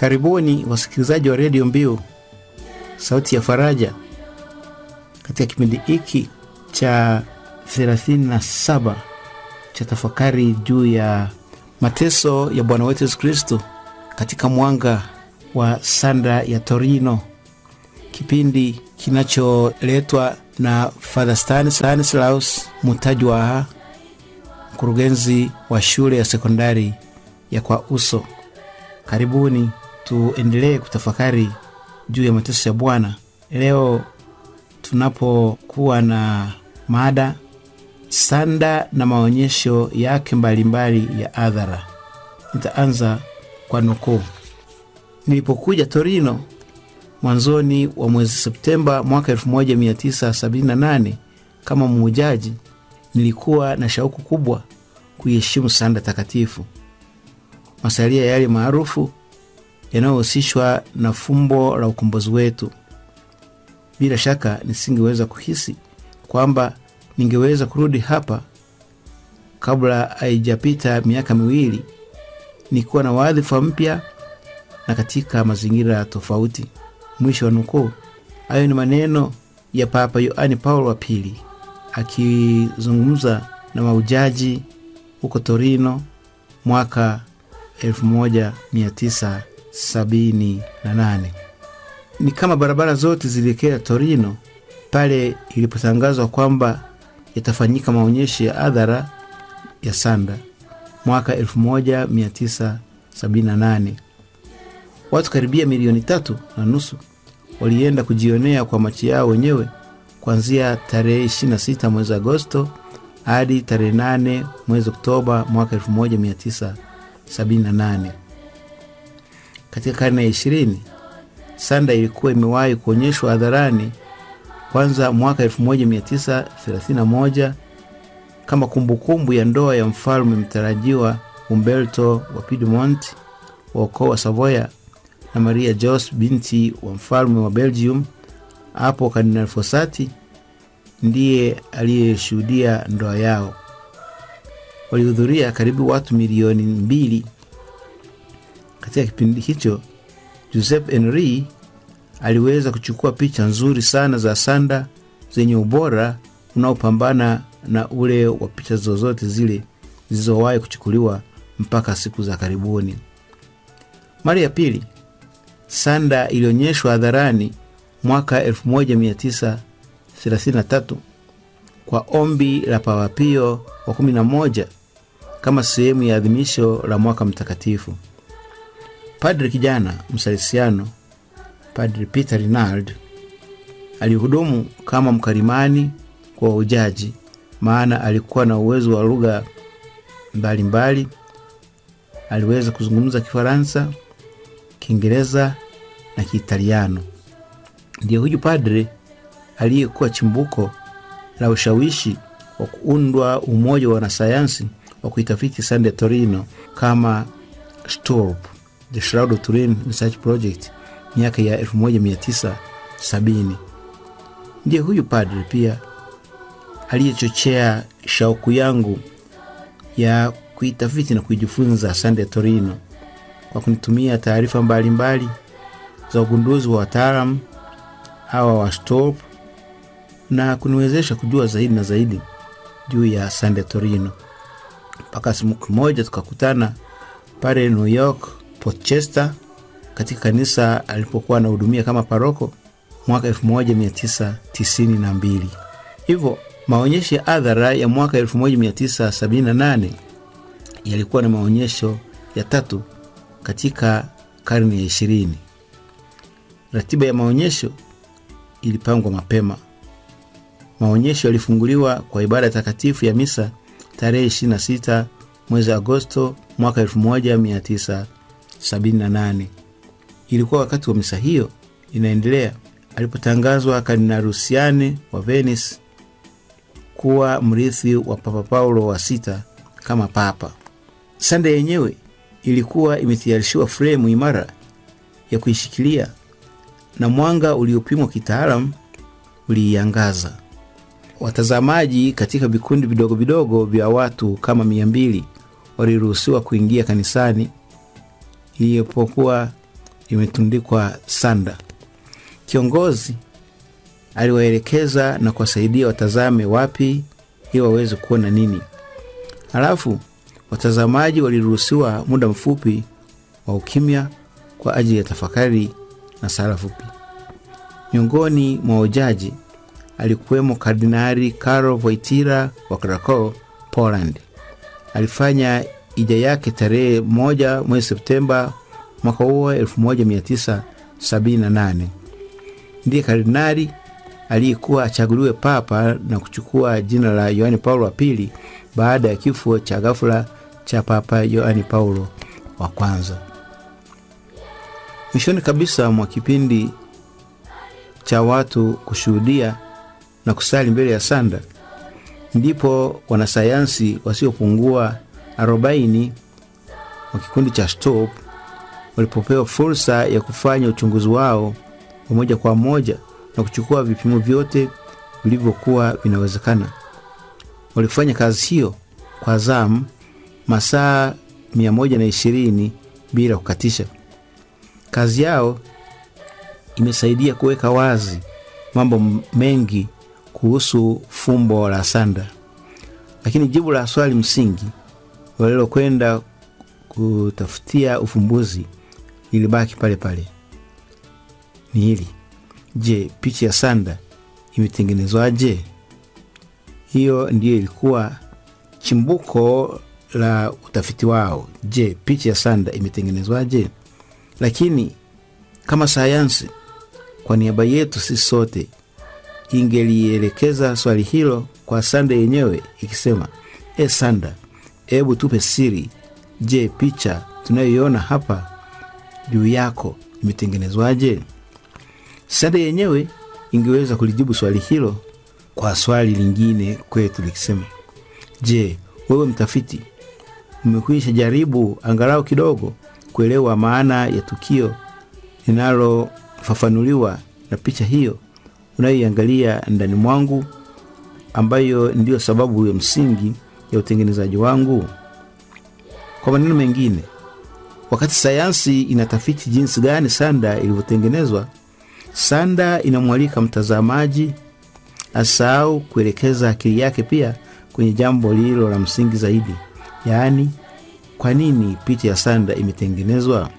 Karibuni wasikilizaji wa redio Mbiu, sauti ya faraja, katika kipindi hiki cha 37 cha tafakari juu ya mateso ya Bwana wetu Yesu Kristo katika mwanga wa sanda ya Torino, kipindi kinacholetwa na Father Stanislaus Mutajwaha, mkurugenzi wa shule ya sekondari ya Kwa Uso. Karibuni tuendelee kutafakari juu ya mateso ya Bwana. Leo tunapokuwa na mada sanda na maonyesho yake mbalimbali ya adhara nitaanza kwa nukuu. Nilipokuja Torino mwanzoni wa mwezi Septemba mwaka 1978 kama muujaji, nilikuwa na shauku kubwa kuiheshimu sanda takatifu, masalia yale maarufu yanayohusishwa na fumbo la ukombozi wetu. Bila shaka nisingeweza kuhisi kwamba ningeweza kurudi hapa kabla haijapita miaka miwili, nikiwa na wadhifa mpya na katika mazingira tofauti. Mwisho wa nukuu. Hayo ni maneno ya Papa yoani Paulo wa Pili akizungumza na maujaji huko Torino mwaka 1900 sabini na nane. Ni kama barabara zote zilielekea Torino pale ilipotangazwa kwamba yatafanyika maonyesho ya adhara ya sanda mwaka 1978. Watu karibia milioni tatu na nusu walienda kujionea kwa macho yao wenyewe kuanzia tarehe 26 mwezi Agosto hadi tarehe 8 mwezi Oktoba mwaka 1978 katika karne ya ishirini, sanda ilikuwa imewahi kuonyeshwa hadharani kwanza mwaka 1931 kama kumbukumbu ya ndoa ya mfalme mtarajiwa Umberto wa Piedmont wa ukoo wa Savoya na Maria Jos binti wa mfalme wa Belgium. Hapo Kardinal Fossati ndiye aliyeshuhudia ndoa yao. Walihudhuria karibu watu milioni mbili katika kipindi hicho Joseph Henry aliweza kuchukua picha nzuri sana za sanda zenye ubora unaopambana na ule wa picha zozote zile zilizowahi kuchukuliwa mpaka siku za karibuni. Mara ya pili sanda ilionyeshwa hadharani mwaka 1933 kwa ombi la pawapio wa 11 kama sehemu ya adhimisho la mwaka mtakatifu. Padri kijana Msalesiano Padri Peter Rinald alihudumu kama mkalimani kwa ujaji maana alikuwa na uwezo wa lugha mbalimbali. Aliweza kuzungumza Kifaransa, Kiingereza na Kiitaliano. Ndiye huyu padre aliyekuwa chimbuko la ushawishi wa kuundwa umoja wa wanasayansi wa kuitafiti San Torino kama STURP. The Shroud of Turin Research Project miaka ya 1970. Ndiye huyu padre pia aliyechochea shauku yangu ya kuitafiti na kujifunza Sande Torino kwa kunitumia taarifa mbalimbali za ugunduzi wa wataalamu hawa wa stop na kuniwezesha kujua zaidi na zaidi juu ya Sande Torino mpaka siku moja tukakutana pale New York Pochester katika kanisa alipokuwa anahudumia kama paroko mwaka 1992. Hivyo maonyesho ya adhara ya mwaka 1978 yalikuwa na maonyesho ya tatu katika karne ya 20. Ratiba ya maonyesho ilipangwa mapema. Maonyesho yalifunguliwa kwa ibada takatifu ya misa tarehe 26 mwezi Agosto mwaka 19 nane. Ilikuwa wakati wa misa hiyo inaendelea alipotangazwa kadinarusiane wa Venice kuwa mrithi wa Papa Paulo wa sita kama papa. Sanda yenyewe ilikuwa imetayarishiwa fremu imara ya kuishikilia na mwanga uliopimwa kitaalamu uliiangaza. Watazamaji katika vikundi vidogo vidogo vya watu kama mia mbili waliruhusiwa kuingia kanisani iliyopokuwa imetundikwa sanda. Kiongozi aliwaelekeza na kuwasaidia watazame wapi ili waweze kuona nini. Halafu watazamaji waliruhusiwa muda mfupi wa ukimya kwa ajili ya tafakari na sala fupi. Miongoni mwa wajaji alikuwemo kardinari Karol Wojtyla wa Krakow, Poland. Alifanya ija yake tarehe moja mwezi Septemba mwaka huo 1978 ndiye kardinali aliyekuwa achaguliwe papa na kuchukua jina la Yohani Paulo wa pili baada ya kifo cha ghafula cha Papa Yohani Paulo wa kwanza. Mwishoni kabisa mwa kipindi cha watu kushuhudia na kusali mbele ya sanda, ndipo wanasayansi wasiopungua arobaini wa kikundi cha STOP walipopewa fursa ya kufanya uchunguzi wao wa moja kwa moja na kuchukua vipimo vyote vilivyokuwa vinawezekana. Walifanya kazi hiyo kwa zamu masaa 120 bila kukatisha. Kazi yao imesaidia kuweka wazi mambo mengi kuhusu fumbo la sanda, lakini jibu la swali msingi walilokwenda kutafutia ufumbuzi ilibaki pale pale ni hili. Je, picha ya sanda imetengenezwaje? Hiyo ndiyo ilikuwa chimbuko la utafiti wao. Je, picha ya sanda imetengenezwaje? Lakini kama sayansi kwa niaba yetu sisi sote ingelielekeza swali hilo kwa sanda yenyewe ikisema, e sanda, hebu tupe siri. Je, picha tunayoiona hapa juu yako imetengenezwaje? Sada yenyewe ingeweza kulijibu swali hilo kwa swali lingine kwetu likisema, je, wewe mtafiti umekwisha jaribu angalau kidogo kuelewa maana ya tukio linalofafanuliwa na picha hiyo unayoiangalia ndani mwangu, ambayo ndiyo sababu ya msingi ya utengenezaji wangu? Kwa maneno mengine, wakati sayansi inatafiti jinsi gani sanda ilivyotengenezwa, sanda inamwalika mtazamaji asahau kuelekeza akili yake pia kwenye jambo lililo la msingi zaidi, yaani kwa nini picha ya sanda imetengenezwa.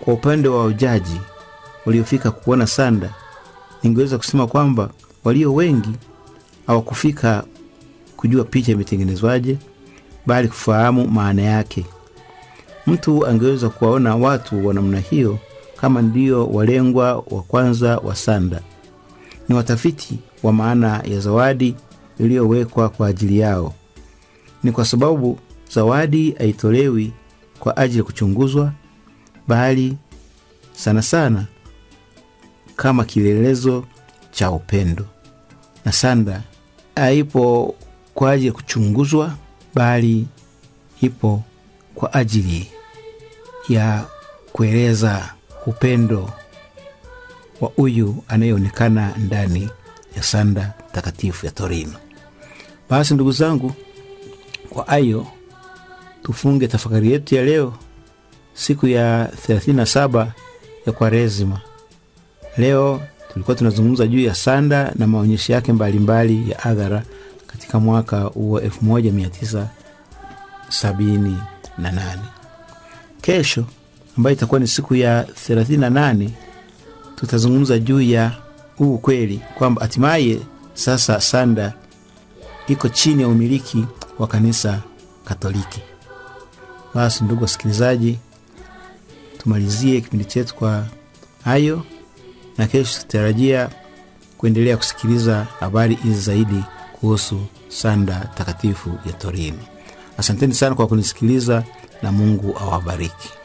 Kwa upande wa ujaji waliofika kuona sanda, ningeweza kusema kwamba walio wengi hawakufika kujua picha imetengenezwaje, bali kufahamu maana yake. Mtu angeweza kuwaona watu wa namna hiyo kama ndio walengwa wa kwanza wa sanda. Ni watafiti wa maana ya zawadi iliyowekwa kwa ajili yao. Ni kwa sababu zawadi haitolewi kwa ajili ya kuchunguzwa, bali sana sana kama kielelezo cha upendo, na sanda haipo kwa ajili ya kuchunguzwa, bali ipo kwa ajili ya kueleza upendo wa huyu anayeonekana ndani ya sanda takatifu ya Torino. Basi ndugu zangu, kwa hayo tufunge tafakari yetu ya leo, siku ya 37 ya Kwaresima. Leo tulikuwa tunazungumza juu ya sanda na maonyesho yake mbalimbali mbali ya adhara katika mwaka huo 1978 na kesho ambayo itakuwa ni siku ya 38 tutazungumza juu ya huu ukweli kwamba hatimaye sasa sanda iko chini ya umiliki wa kanisa Katoliki. Basi ndugu wasikilizaji, tumalizie kipindi chetu kwa hayo, na kesho tutarajia kuendelea kusikiliza habari hizi zaidi kuhusu sanda takatifu ya Torini. Asanteni sana kwa kunisikiliza na Mungu awabariki.